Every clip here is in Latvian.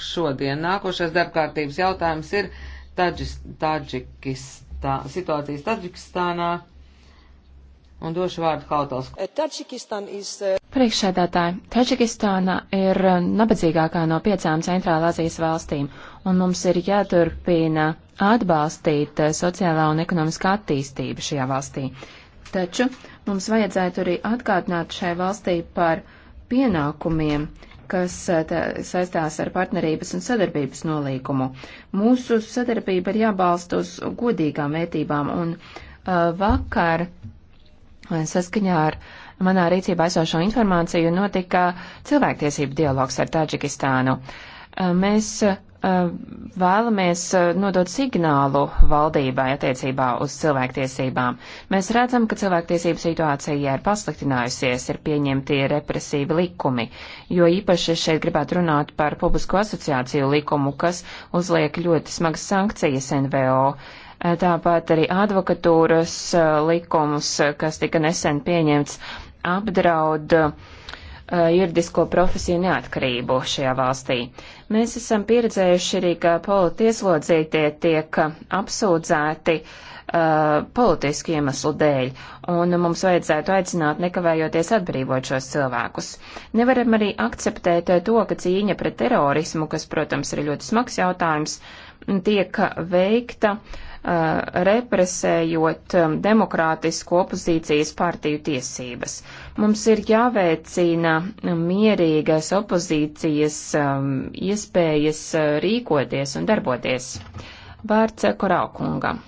šodien. Nākošais darbkārtības jautājums ir Tadžis, Tadžikistā, situācijas Tadžikistānā. Un došu vārdu Hautals. Eh, is... Eh, Priekšsēdētāji, Tadžikistāna ir eh, nabadzīgākā no piecām centrāla Azijas valstīm, un mums ir jāturpina atbalstīt sociālā un ekonomiskā attīstība šajā valstī. Taču mums vajadzētu arī atgādināt šai valstī par pienākumiem, uh, kas eh, tā, saistās ar partnerības un sadarbības nolīkumu. Mūsu sadarbība ir jābalst uz godīgām vērtībām, un uh, vakar eh, saskaņā ar manā rīcībā esošo informāciju notika cilvēktiesību dialogs ar Taģikistānu. Uh, mēs uh, vēlamies nodot signālu valdībai attiecībā uz cilvēktiesībām. Mēs redzam, ka cilvēktiesību situācija ir pasliktinājusies, ir pieņemti represīvi likumi, jo īpaši šeit gribētu runāt par publisko asociāciju likumu, kas uzliek ļoti smagas sankcijas NVO. Tāpat arī advokatūras likumus, kas tika nesen pieņemts, apdraud uh, Uh, juridisko profesiju neatkarību šajā valstī. Mēs esam pieredzējuši arī, ka politieslodzītie tiek apsūdzēti uh, politisku iemeslu dēļ, un mums vajadzētu aicināt nekavējoties atbrīvot šos cilvēkus. Nevaram arī akceptēt uh, to, ka cīņa pret terorismu, kas, protams, ir ļoti smags jautājums, tiek veikta uh, Uh, represējot um, demokrātisku opozīcijas partiju tiesības. Mums ir jāveicina mierīgas opozīcijas um, iespējas uh, rīkoties un darboties. Vārds Koraukungam.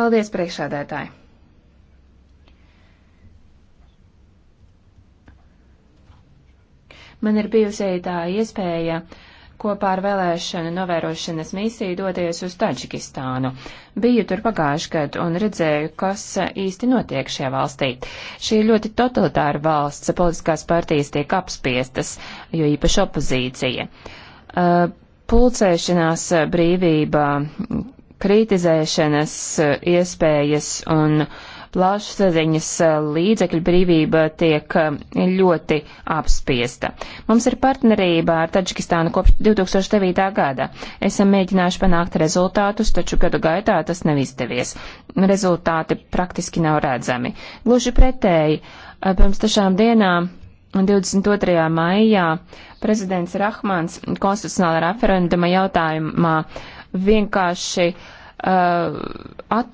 Paldies, priekšādētāji! Man ir bijusi tā iespēja uh, kopā ar vēlēšana novērošanas misiju doties uz Taģikistānu. Biju tur pagājuši gadu un redzēju, kas īsti notiek šajā valstī. Šī ir ļoti totalitāra valsts, politiskās partijas tiek apspiestas, jo īpaši opozīcija. Uh, pulcēšanās brīvība, kritizēšanas iespējas un uh, plašsaziņas eh, līdzekļu brīvība tiek eh, ļoti apspiesta. Mums ir partnerība ar Taģikistānu kopš 2009. gada. Esam mēģinājuši panākt rezultātus, taču gadu gaitā tas nav izdevies. Rezultāti praktiski nav redzami. Gluži pretēji, eh, pirms tašām dienām 22. maijā prezidents Rahmans konstitucionāla referenduma jautājumā vienkārši uh, at,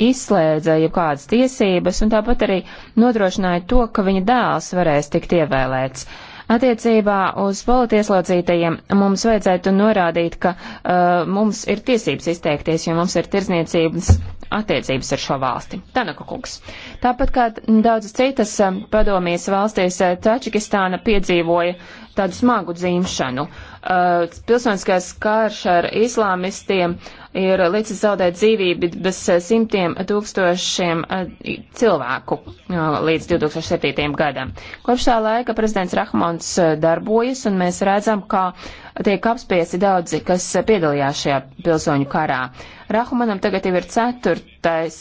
izslēdza jebkādas tiesības un tāpat arī nodrošināja to, ka viņa dēls varēs tikt ievēlēts. Attiecībā uz politieslocītajiem mums vajadzētu norādīt, ka uh, mums ir tiesības izteikties, jo mums ir tirzniecības attiecības ar šo valsti. Tanaka kungs. Tāpat kā daudzas citas um, padomijas valstīs, uh, Tačikistāna piedzīvoja tādu smagu dzīmšanu. Uh, Uh, pilsoniskais karš ar islāmistiem ir līdz zaudēt dzīvību bez simtiem tūkstošiem uh, cilvēku uh, līdz 2007. gadam. Kopš tā laika prezidents Rahmons darbojas, un mēs redzam, ka tiek apspiesti daudzi, kas piedalījās šajā pilsoņu karā. Rahmanam tagad jau ir ceturtais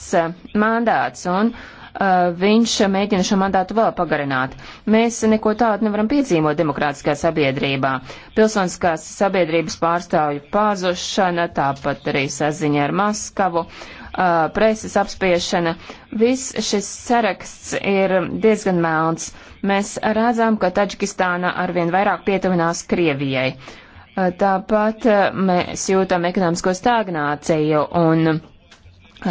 mandāts, un uh, Uh, viņš mēģina šo mandātu vēl pagarināt. Mēs neko tādu nevaram piedzīvot demokrātiskajā sabiedrībā. Pilsoniskās sabiedrības pārstāvju pāzušana, tāpat arī saziņa ar Maskavu, uh, preses apspiešana. Viss šis saraksts ir diezgan melns. Mēs redzam, ka Taģikistāna arvien vairāk pietuvinās Krievijai. Uh, tāpat mēs jūtam ekonomisko stagnāciju un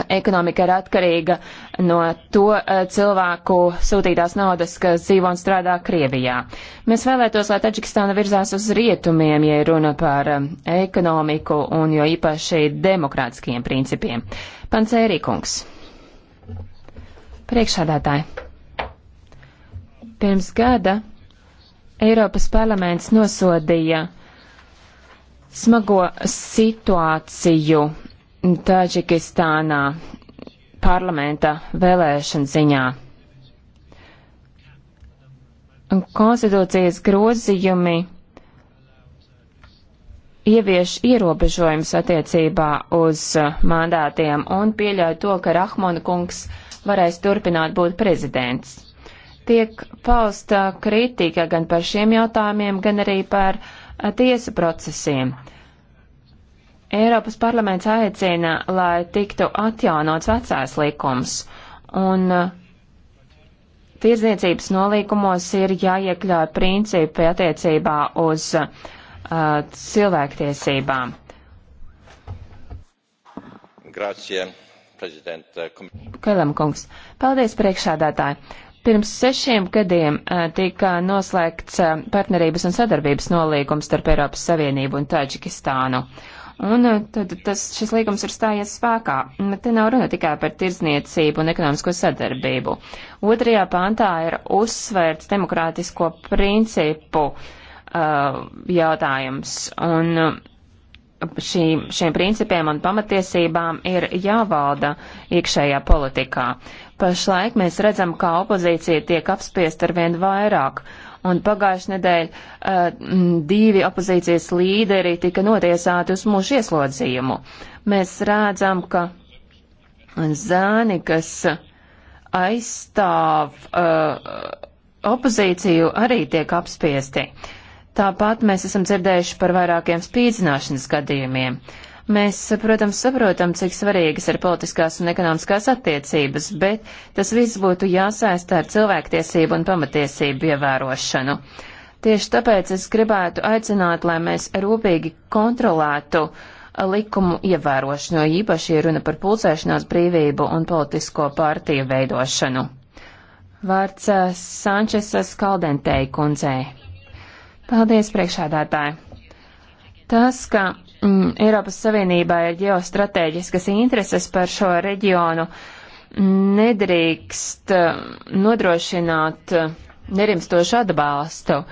ekonomika ir atkarīga no to eh, cilvēku sūtītās naudas, kas dzīvo un strādā Krievijā. Mēs vēlētos, lai Taģikistāna virzās uz rietumiem, ja runa par eh, ekonomiku un jo īpaši demokrātiskiem principiem. Pants Ērīkungs. Priekšādātāji. Pirms gada Eiropas parlaments nosodīja smago situāciju Taģikistānā parlamenta vēlēšana ziņā. Konstitūcijas grozījumi ievieš ierobežojums attiecībā uz uh, mandātiem un pieļauj to, ka Rahmona kungs varēs turpināt būt prezidents. Tiek pausta kritika gan par šiem jautājumiem, gan arī par uh, tiesu procesiem. Uh, Eiropas parlaments aicina, lai tiktu atjaunots vecās likums, un uh, tirzniecības nolīkumos ir jāiekļauj principi attiecībā uz uh, cilvēktiesībām. Grazie, prezidenta. Kailam kungs, paldies priekšādātāji. Pirms sešiem gadiem uh, tika noslēgts uh, partnerības un sadarbības nolīgums starp Eiropas Savienību un Taģikistānu. Uh, un eh, tad tas, šis līgums ir stājies spēkā. Te nav runa tikai par tirdzniecību un ekonomisko sadarbību. Otrajā pantā ir uzsvērts demokrātisko principu uh, jautājums, un šīm, šiem principiem un pamatiesībām ir jāvalda iekšējā politikā. Pašlaik mēs redzam, kā opozīcija tiek apspiest ar vien vairāk. Un pagājušajā nedēļā uh, divi opozīcijas līderi tika notiesāti uz mūža ieslodzījumu. Mēs redzam, ka zēni, kas aizstāv uh, opozīciju, arī tiek apspiesti. Uh, Tāpat mēs esam dzirdējuši par vairākiem spīdzināšanas gadījumiem. Mēs, protams, saprotam, cik svarīgas ir politiskās un ekonomiskās attiecības, bet tas viss būtu jāsaista ar cilvēktiesību un pamatiesību ievērošanu. Tieši tāpēc es gribētu aicināt, lai mēs rūpīgi kontrolētu uh, likumu ievērošanu, jo īpaši ir runa par pulcēšanās brīvību un politisko pārtīju veidošanu. Vārds uh, Sančesas Kaldentei kundzei. Paldies, priekšādātāji! Tas, ka mm, Eiropas Savienībā ir ģeostrateģiskas intereses par šo reģionu, nedrīkst mm, nodrošināt mm, nerimstošu atbalstu uh,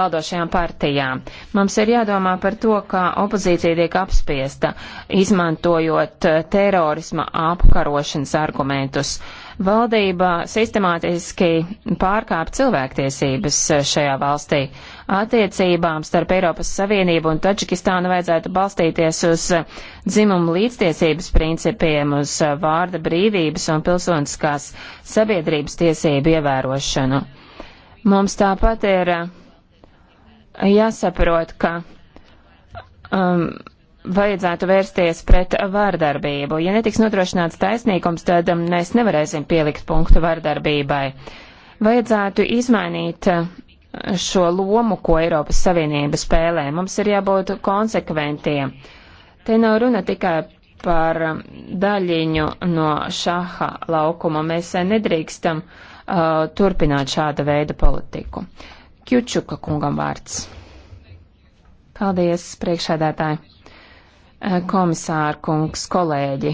valdošajām partijām. Mums ir jādomā par to, kā opozīcija tiek apspiesta, izmantojot terorisma apkarošanas argumentus. Uh, Valdība sistemātiski pārkāp cilvēktiesības šajā valstī. Attiecībām starp Eiropas Savienību un Tačikistānu vajadzētu balstīties uz dzimumu līdztiesības principiem, uz vārda brīvības un pilsoniskās sabiedrības tiesību ievērošanu. Mums tāpat ir jāsaprot, ka um, vajadzētu vērsties pret vārdarbību. Ja netiks nodrošināts taisnīgums, tad um, mēs nevarēsim pielikt punktu vārdarbībai. Vajadzētu izmainīt uh, šo lomu, ko Eiropas Savienība spēlē. Mums ir jābūt konsekventiem. Te nav runa tikai par um, daļiņu no šaha laukuma. Mēs uh, nedrīkstam uh, turpināt šāda veida politiku. Kjučuka kungam vārds. Paldies, priekšādātāji. Eh, komisārkungs, kolēģi.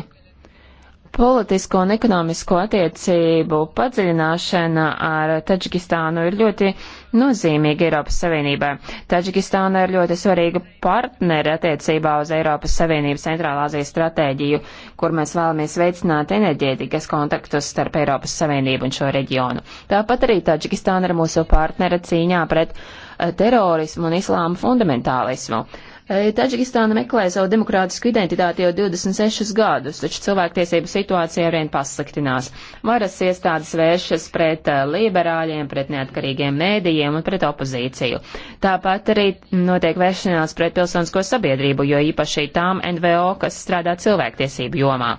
Politisko un ekonomisko attiecību padziļināšana ar Taģikistānu ir ļoti nozīmīga Eiropas Savienībai. Taģikistāna ir ļoti svarīga partneri attiecībā uz Eiropas Savienības centrālāzijas stratēģiju, kur mēs vēlamies veicināt enerģētikas kontaktus starp Eiropas Savienību un šo reģionu. Tāpat arī Taģikistāna ir mūsu partnere cīņā pret eh, terorismu un islāma fundamentālismu. Taģikistāna meklē savu demokrātisku identitāti jau 26 gadus, taču cilvēktiesību situācija arvien pasliktinās. Varas iestādes vēršas pret liberāļiem, pret neatkarīgiem mēdījiem un pret opozīciju. Tāpat arī notiek vēršanās pret pilsonisko sabiedrību, jo īpaši tām NVO, kas strādā cilvēktiesību jomā.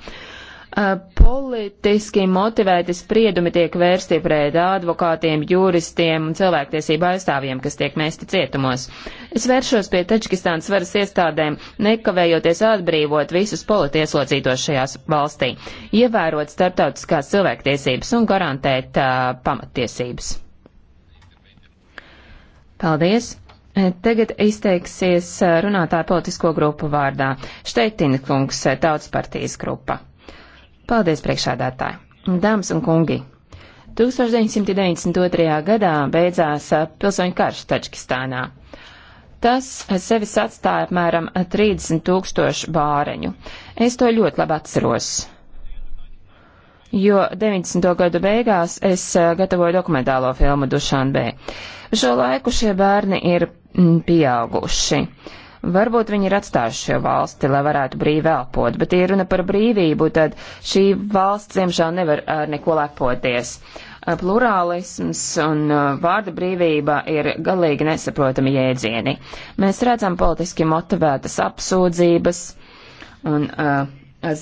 Eh, politiski motivēti spriedumi tiek vērsti pret advokātiem, juristiem un cilvēktiesību aizstāvjiem, kas tiek mēsti cietumos. Es vēršos pie Tačikistānas varas iestādēm, nekavējoties atbrīvot visus politieslodzītos šajās valstī, ievērot starptautiskās cilvēktiesības un garantēt uh, pamatiesības. Paldies! Eh, tagad izteiksies runātāja politisko grupu vārdā. Šteitina kungs, Tautas partijas grupa. Paldies, priekšādātāji! Dāmas un kungi! 1992. gadā beidzās uh, pilsoņu karš Tačkistānā. Tas sevi atstāja apmēram 30 tūkstošu bāreņu. Es to ļoti labi atceros. Jo 90. gadu beigās es uh, gatavoju dokumentālo filmu Dušan B. Šo laiku šie bērni ir mm, pieauguši. Uh, Varbūt viņi ir atstājuši šo valsti, lai varētu brīvi elpot, bet, ja runa par brīvību, tad šī valsts, diemžēl, nevar ar neko lepoties. Plurālisms un vārda brīvība ir galīgi nesaprotami jēdzieni. Mēs redzam politiski motivētas apsūdzības un uh,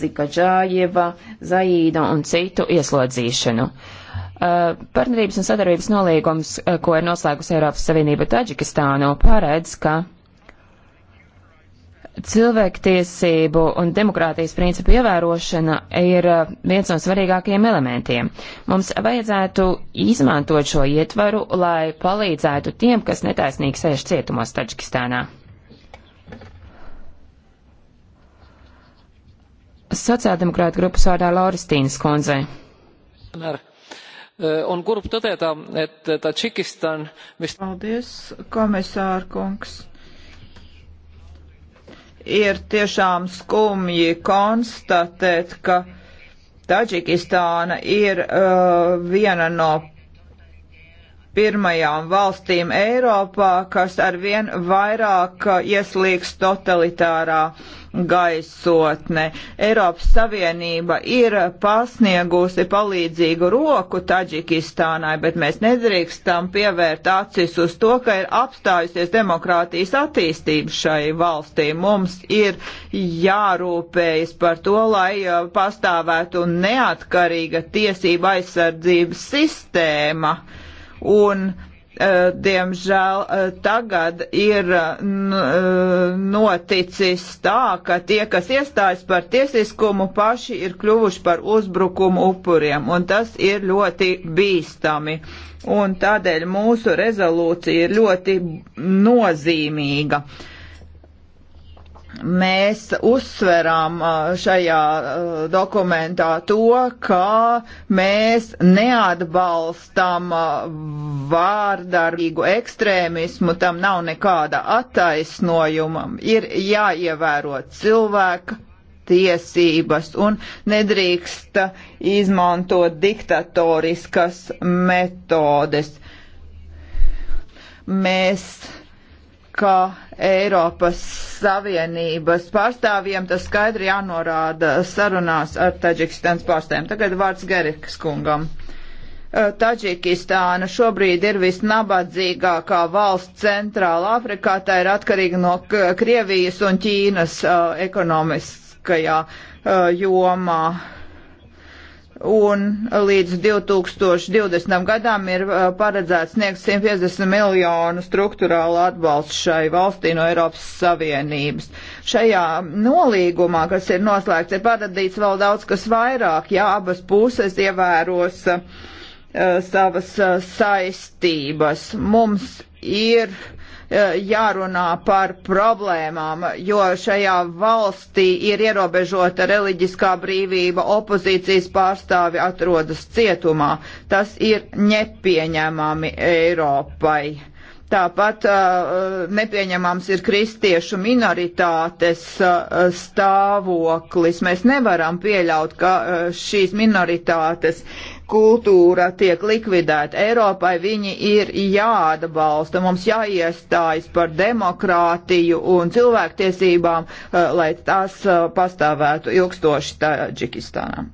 Zikaģājeva, Zaīda un citu ieslodzīšanu. Uh, partnerības un sadarbības nolīgums, ko ir noslēgusi Eiropas Savienība Taģikistānu, paredz, ka cilvēktiesību un demokrātijas principu ievērošana ir eh, viens no svarīgākajiem elementiem. Mums vajadzētu izmantot šo ietvaru, lai palīdzētu tiem, kas netaisnīgi sēž cietumos Taģikistānā. Sociāldemokrāta grupas vārdā Lauristīnas kundze. On kurb todeta, et Tadžikistan... Paldies, komisārkungs ir tiešām skumji konstatēt, ka Taģikistāna ir uh, viena no pirmajām valstīm Eiropā, kas arvien vairāk uh, ieslīgs totalitārā gaisotne. Eiropas Savienība ir pasniegusi palīdzīgu roku Taģikistānai, bet mēs nedrīkstam pievērt acis uz to, ka ir apstājusies demokrātijas attīstība šai valstī. Mums ir jārūpējas par to, lai uh, pastāvētu neatkarīga tiesība aizsardzības sistēma un eh, diemžēl eh, tagad ir eh, noticis tā, ka tie, kas iestājas par tiesiskumu, paši ir kļuvuši par uzbrukumu upuriem, un tas ir ļoti bīstami. Un tādēļ mūsu rezolūcija ir ļoti nozīmīga. Uh, mēs uzsverām uh, šajā uh, dokumentā to, ka mēs neatbalstam uh, vārdarbīgu ekstrēmismu, tam nav nekāda attaisnojuma, ir jāievēro cilvēka tiesības un nedrīkst izmantot diktatoriskas metodes. Mēs kā Eiropas Savienības pārstāvjiem, tas skaidri jānorāda sarunās ar Taģikistānas pārstāvjiem. Tagad vārds Gerikas kungam. Taģikistāna šobrīd ir visnabadzīgākā valsts centrāla Afrikā, tā ir atkarīga no Krievijas un Ķīnas uh, ekonomiskajā uh, jomā un līdz 2020. gadam ir uh, paredzēts sniegt 150 miljonu struktūrālu atbalstu šai valstī no Eiropas Savienības. Šajā nolīgumā, kas ir noslēgts, ir paredzēts vēl daudz kas vairāk, ja abas puses ievēros uh, savas uh, saistības. Mums ir uh, E, jārunā par problēmām, jo šajā valstī ir ierobežota reliģiskā brīvība, opozīcijas pārstāvi atrodas cietumā. Tas ir nepieņemami Eiropai. Tāpat uh, nepieņemams ir kristiešu minoritātes uh, stāvoklis. Mēs nevaram pieļaut, ka uh, šīs minoritātes uh, kultūra tiek likvidēta. Eiropai viņi ir jāatbalsta, mums jāiestājas par demokrātiju un cilvēktiesībām, eh, lai tās eh, pastāvētu ilgstoši Taģikistānā.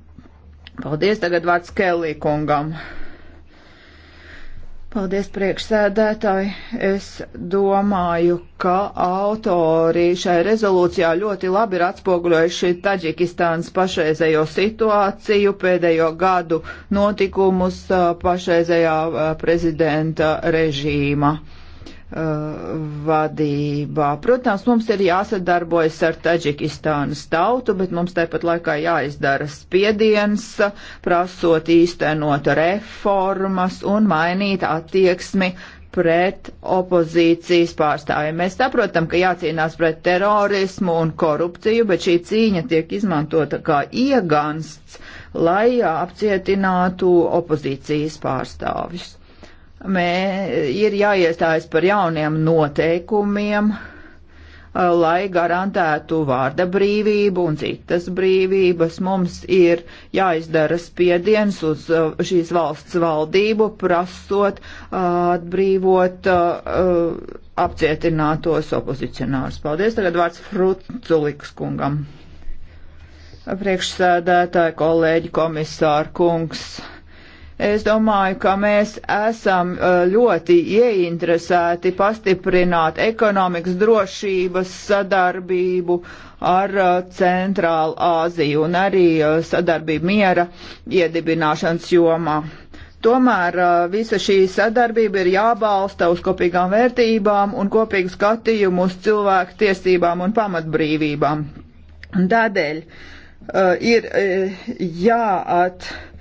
Paldies, tagad vārds Kelly kungam. Paldies, priekšsēdētāji. Es domāju, ka autori šai rezolūcijā ļoti labi ir atspoguļojuši Taģikistānas pašreizējo situāciju, pēdējo gadu notikumus uh, pašreizējā uh, prezidenta režīma. Uh, vadībā. Protams, mums ir jāsadarbojas ar Taģikistānas tautu, bet mums tāpat laikā jāizdara spiediens, prasot īstenot reformas un mainīt attieksmi pret opozīcijas pārstāvjiem. Mēs saprotam, ka jācīnās pret terorismu un korupciju, bet šī cīņa tiek izmantota kā iegansts, lai apcietinātu opozīcijas pārstāvjus mē, ir jāiestājas par jauniem noteikumiem, eh, lai garantētu vārda brīvību un citas brīvības. Mums ir jāizdara spiediens uz eh, šīs valsts valdību, prasot eh, atbrīvot apcietinātos opozicionārus. Paldies. Tagad vārds Frutzuliks kungam. Priekšsēdētāji, kolēģi, komisāri, kungs Es domāju, ka mēs esam e, ļoti ieinteresēti pastiprināt ekonomikas drošības sadarbību ar e, Centrālu Āziju un arī e, sadarbību miera iedibināšanas jomā. Tomēr visa šī sadarbība ir jābalsta uz kopīgām vērtībām un kopīgu skatījumu uz cilvēku tiesībām un pamatbrīvībām. Tādēļ uh, ir uh, jāat. Uh,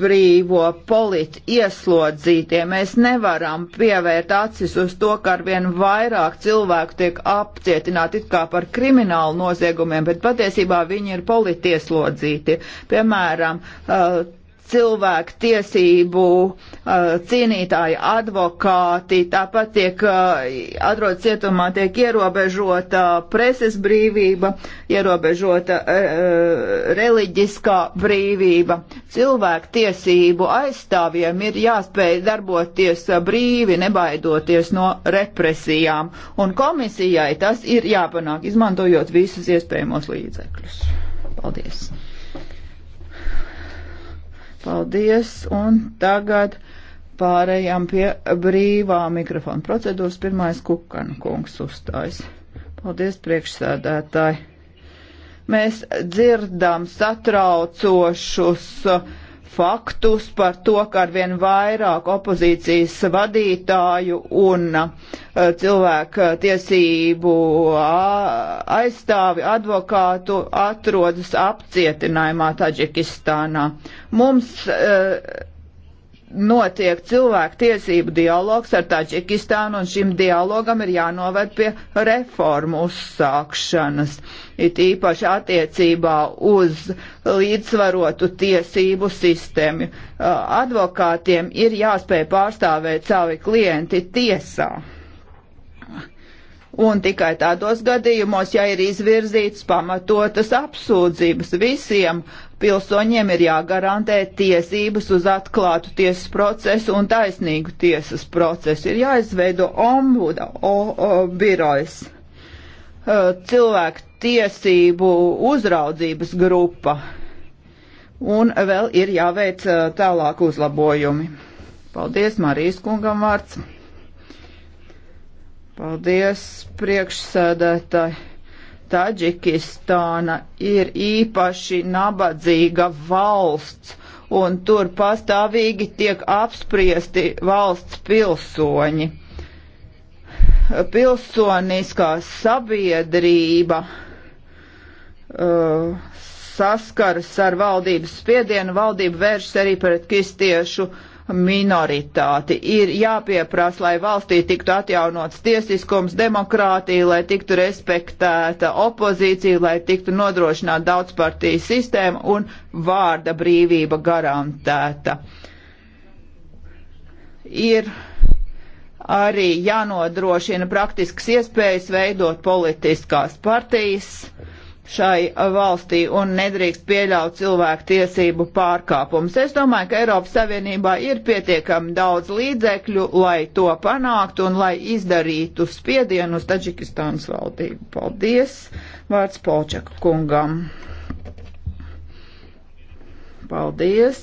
brīvo politi ieslodzītie. Mēs nevaram pievērt acis uz to, ka arvien vairāk cilvēku tiek apcietināti it kā par kriminālu noziegumiem, bet patiesībā viņi ir politi ieslodzīti. Piemēram, uh, cilvēku tiesību uh, cīnītāji, advokāti, tāpat tiek uh, atrod cietumā, tiek ierobežota preses brīvība, ierobežota uh, reliģiskā brīvība. Cilvēku tiesību aizstāvjiem ir jāspēj darboties brīvi, nebaidoties no represijām, un komisijai tas ir jāpanāk, izmantojot visus iespējamos līdzekļus. Paldies! Paldies, un tagad pārējām pie brīvā mikrofona procedūras. Pirmais kukana kungs uzstājas. Paldies, priekšsēdētāji. Mēs dzirdam satraucošus faktus par to, ka arvien vairāk opozīcijas vadītāju un uh, cilvēka tiesību aizstāvi advokātu atrodas apcietinājumā Taģikistānā. Mums e, notiek cilvēku tiesību dialogs ar Taģikistānu, un šim dialogam ir jānoved pie reformu uzsākšanas, it īpaši attiecībā uz līdzsvarotu tiesību sistēmu. Advokātiem ir jāspēj pārstāvēt savi klienti tiesā. Un tikai tādos gadījumos, ja ir izvirzīts pamatotas apsūdzības, visiem pilsoņiem ir jāgarantē tiesības uz atklātu tiesas procesu un taisnīgu tiesas procesu. Ir jāizveido ombuda o, o, birojs, uh, cilvēku tiesību uzraudzības grupa, un vēl ir jāveic uh, tālāk uzlabojumi. Paldies, Marijas kungam vārds. Paldies, priekšsēdētāji. Taģikistāna ir īpaši nabadzīga valsts, un tur pastāvīgi tiek apspriesti valsts pilsoņi. Pilsoniskā sabiedrība uh, saskaras ar valdības spiedienu, valdība vēršas arī pret kristiešu uh, minoritāti. Ir jāpieprasa, lai valstī tiktu atjaunots tiesiskums, demokrātija, lai tiktu respektēta opozīcija, lai tiktu nodrošināta daudzpartiju sistēma un vārda brīvība garantēta. Ir arī jānodrošina praktiskas iespējas veidot politiskās partijas šai valstī un nedrīkst pieļaut cilvēku tiesību pārkāpumus. Es domāju, ka Eiropas Savienībā ir pietiekami daudz līdzekļu, lai to panāktu un lai izdarītu spiedienu uz Taģikistānas valdību. Paldies! Vārds Polčaka kungam. Paldies!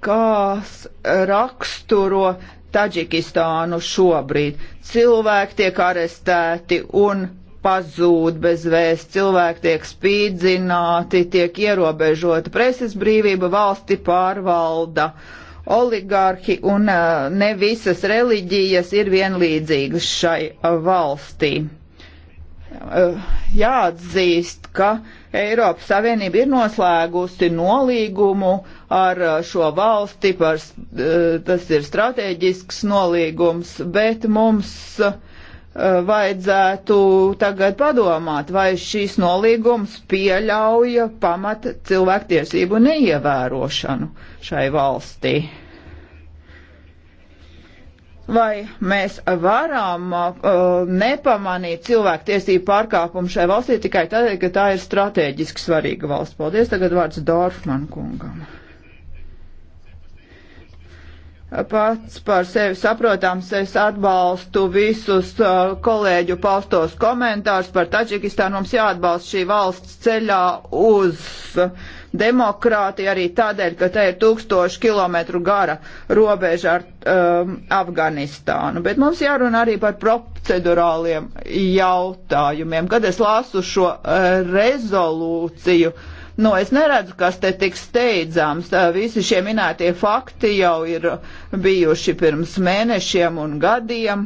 Kās raksturo Taģikistānu šobrīd? Cilvēki tiek arestēti un pazūd bez vēsts, cilvēki tiek spīdzināti, tiek ierobežota preses brīvība, valsti pārvalda oligārhi un ne visas reliģijas ir vienlīdzīgas šai valstī. Jāatzīst, ka Eiropas Savienība ir noslēgusi nolīgumu ar šo valsti, par, tas ir strateģisks nolīgums, bet mums uh, Eh, vajadzētu tagad padomāt, vai šīs nolīgums pieļauja pamat cilvēktiesību neievērošanu šai valstī. Vai mēs varam uh, nepamanīt cilvēktiesību pārkāpumu šai valstī tikai tādēļ, ka tā ir strateģiski svarīga valsts? Paldies, tagad vārds Dorfman kungam pats par sevi saprotams, es atbalstu visus uh, kolēģu paustos komentārus par Taģikistānu. Mums jāatbalsta šī valsts ceļā uz demokrātiju arī tādēļ, ka te ir tūkstoši kilometru gara robeža ar um, Afganistānu. Bet mums jārunā arī par procedurāliem jautājumiem. Kad es lasu šo uh, rezolūciju, uh, Nu, es neredzu, kas te tik steidzams. Visi šie minētie fakti jau ir bijuši pirms mēnešiem un gadiem.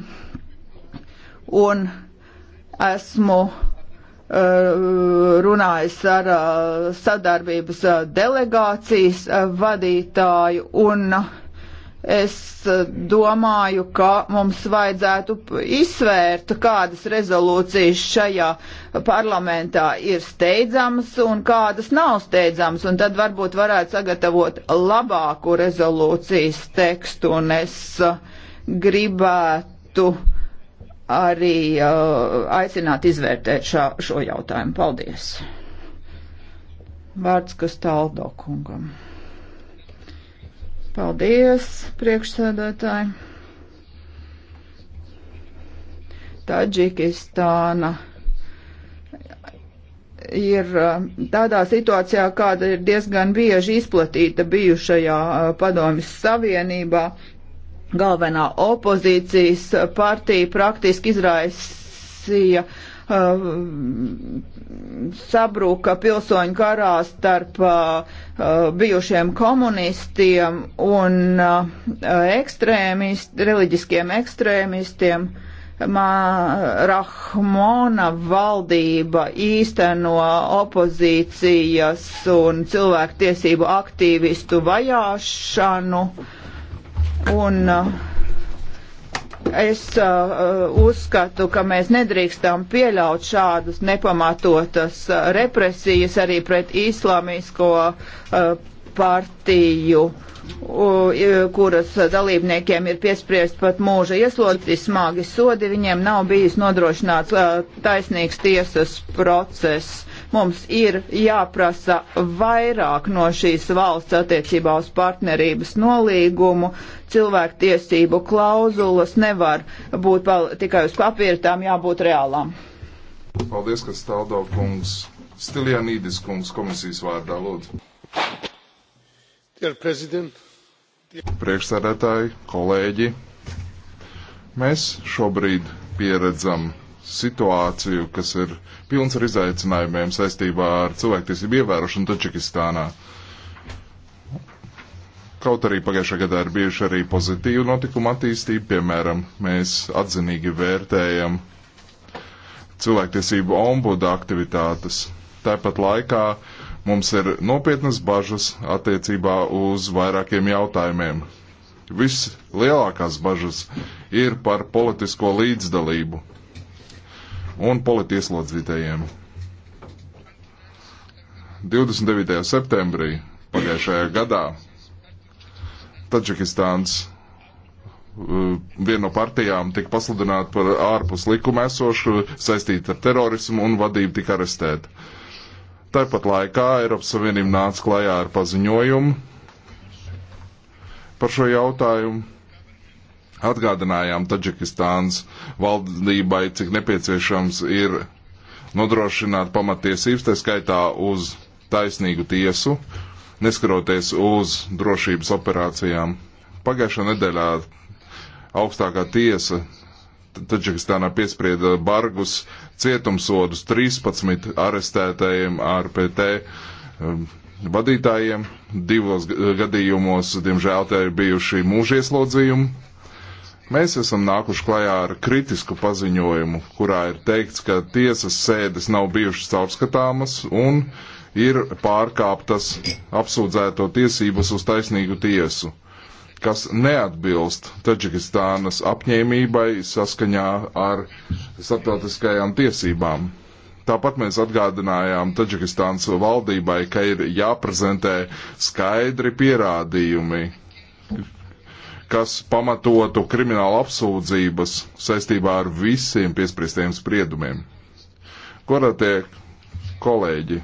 Un esmu runājis ar sadarbības delegācijas vadītāju un uh, Es eh, domāju, ka mums vajadzētu izsvērt, kādas rezolūcijas šajā parlamentā ir steidzamas un kādas nav steidzamas, un tad varbūt varētu sagatavot labāku rezolūcijas tekstu, un es eh, gribētu arī uh, aicināt izvērtēt šā, šo jautājumu. Paldies! Vārds Kastaldo kungam. Paldies, priekšsēdētāji. Taģikistāna ir eh, tādā situācijā, kāda ir diezgan bieži izplatīta bijušajā eh, padomjas savienībā. Galvenā opozīcijas partija praktiski izraisīja uh, Uh, sabruka pilsoņu karā starp uh, uh, bijušiem komunistiem un ekstrēmist, reliģiskiem ekstrēmistiem. Ma Rahmona valdība īsteno opozīcijas un cilvēktiesību aktīvistu vajāšanu un uh, es uh, uzskatu, ka mēs nedrīkstam pieļaut šādas nepamatotas uh, represijas arī pret islamisko uh, partiju, uh, kuras dalībniekiem ir piespriest pat mūža ieslodzīti smagi sodi, viņiem nav bijis nodrošināts uh, taisnīgs tiesas process. Mums ir jāprasa vairāk no šīs valsts attiecībā uz partnerības nolīgumu. Cilvēktiesību klauzulas nevar būt tikai uz papīra, tām jābūt reālām. Paldies, ka stāvdā kungs. Stilianīdis kungs komisijas vārdā lūdzu. Priekšsēdētāji, kolēģi, mēs šobrīd pieredzam situāciju, kas ir pilns ar izaicinājumiem saistībā ar cilvēktiesību ievērošanu Tačikistānā. Kaut arī pagājušā gadā ir bijuši arī pozitīvi notikuma attīstība, piemēram, mēs atzinīgi vērtējam cilvēktiesību ombuda aktivitātes. Tāpat laikā mums ir nopietnas bažas attiecībā uz vairākiem jautājumiem. Vislielākās bažas ir par politisko līdzdalību un politieslodzītajiem. 29. septembrī pagājušajā gadā Taģikistāns eh, viena no partijām tika pasludināta par ārpus likuma esošu, saistīta ar terorismu un vadību tika arestēta. Tāpat laikā Eiropas Savienība nāca klajā ar paziņojumu par šo jautājumu Atgādinājām Taģikistānas valdībai, cik nepieciešams ir nodrošināt pamatiesības, tā skaitā uz taisnīgu tiesu, neskaroties uz drošības operācijām. Pagājušā nedēļā augstākā tiesa Taģikistānā piesprieda bargus cietumsodus 13 arestētajiem ARPT um, vadītājiem. Divos gadījumos, diemžēl, tie ir bijuši mūžieslodzījumu Mēs esam nākuši klajā ar kritisku paziņojumu, kurā ir teikts, ka tiesas sēdes nav bijušas caurskatāmas un ir pārkāptas apsūdzēto tiesības uz taisnīgu tiesu, kas neatbilst Taģikistānas apņēmībai saskaņā ar starptautiskajām tiesībām. Tāpat mēs atgādinājām Taģikistānas valdībai, ka ir jāprezentē skaidri pierādījumi kas pamatotu kriminālu apsūdzības saistībā ar visiem piespriestiem spriedumiem. Godātie kolēģi,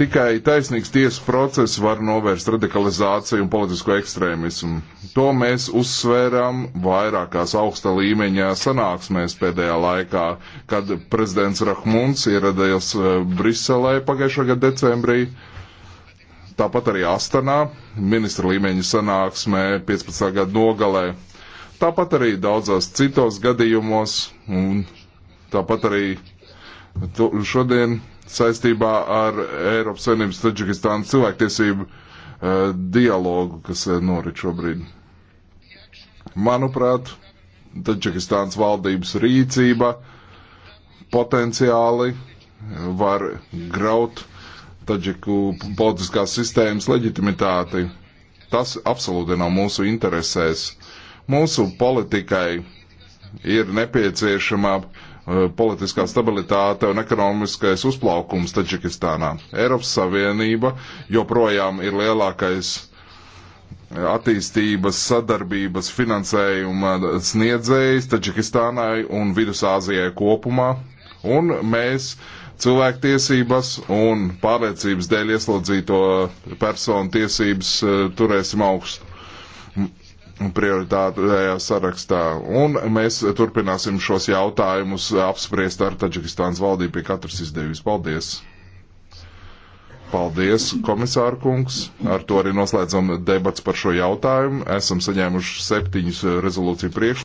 tikai taisnīgs tiesu process var novērst radikalizāciju un politisko ekstrēmismu. To mēs uzsvērām vairākās augsta līmeņa sanāksmēs pēdējā laikā, kad prezidents Rahmuns ieradās eh, Briselē pagājušā gada decembrī Tāpat arī Astanā, ministra līmeņa sanāksmē 15. gada nogalē. Tāpat arī daudzās citos gadījumos, un tāpat arī šodien saistībā ar Eiropas Savienības Taģikistānas cilvēktiesību eh, dialogu, kas eh, norit šobrīd. Manuprāt, Taģikistānas valdības rīcība potenciāli var graut taģiku politiskās sistēmas leģitimitāti. Tas absolūti nav mūsu interesēs. Mūsu politikai ir nepieciešama uh, politiskā stabilitāte un ekonomiskais uzplaukums Taģikistānā. Eiropas Savienība joprojām ir lielākais uh, attīstības, sadarbības, finansējuma sniedzējs Taģikistānai un Vidusāzijai kopumā, un mēs uh, cilvēktiesības un pārliecības dēļ ieslodzīto personu tiesības eh, turēsim augstu prioritātajā sarakstā. Un mēs turpināsim šos jautājumus apspriest ar Taģikistānas valdību pie katras izdevības. Paldies! Paldies, komisāra kungs. Ar to arī noslēdzam debats par šo jautājumu. Esam saņēmuši septiņus rezolūciju priekšlikumus.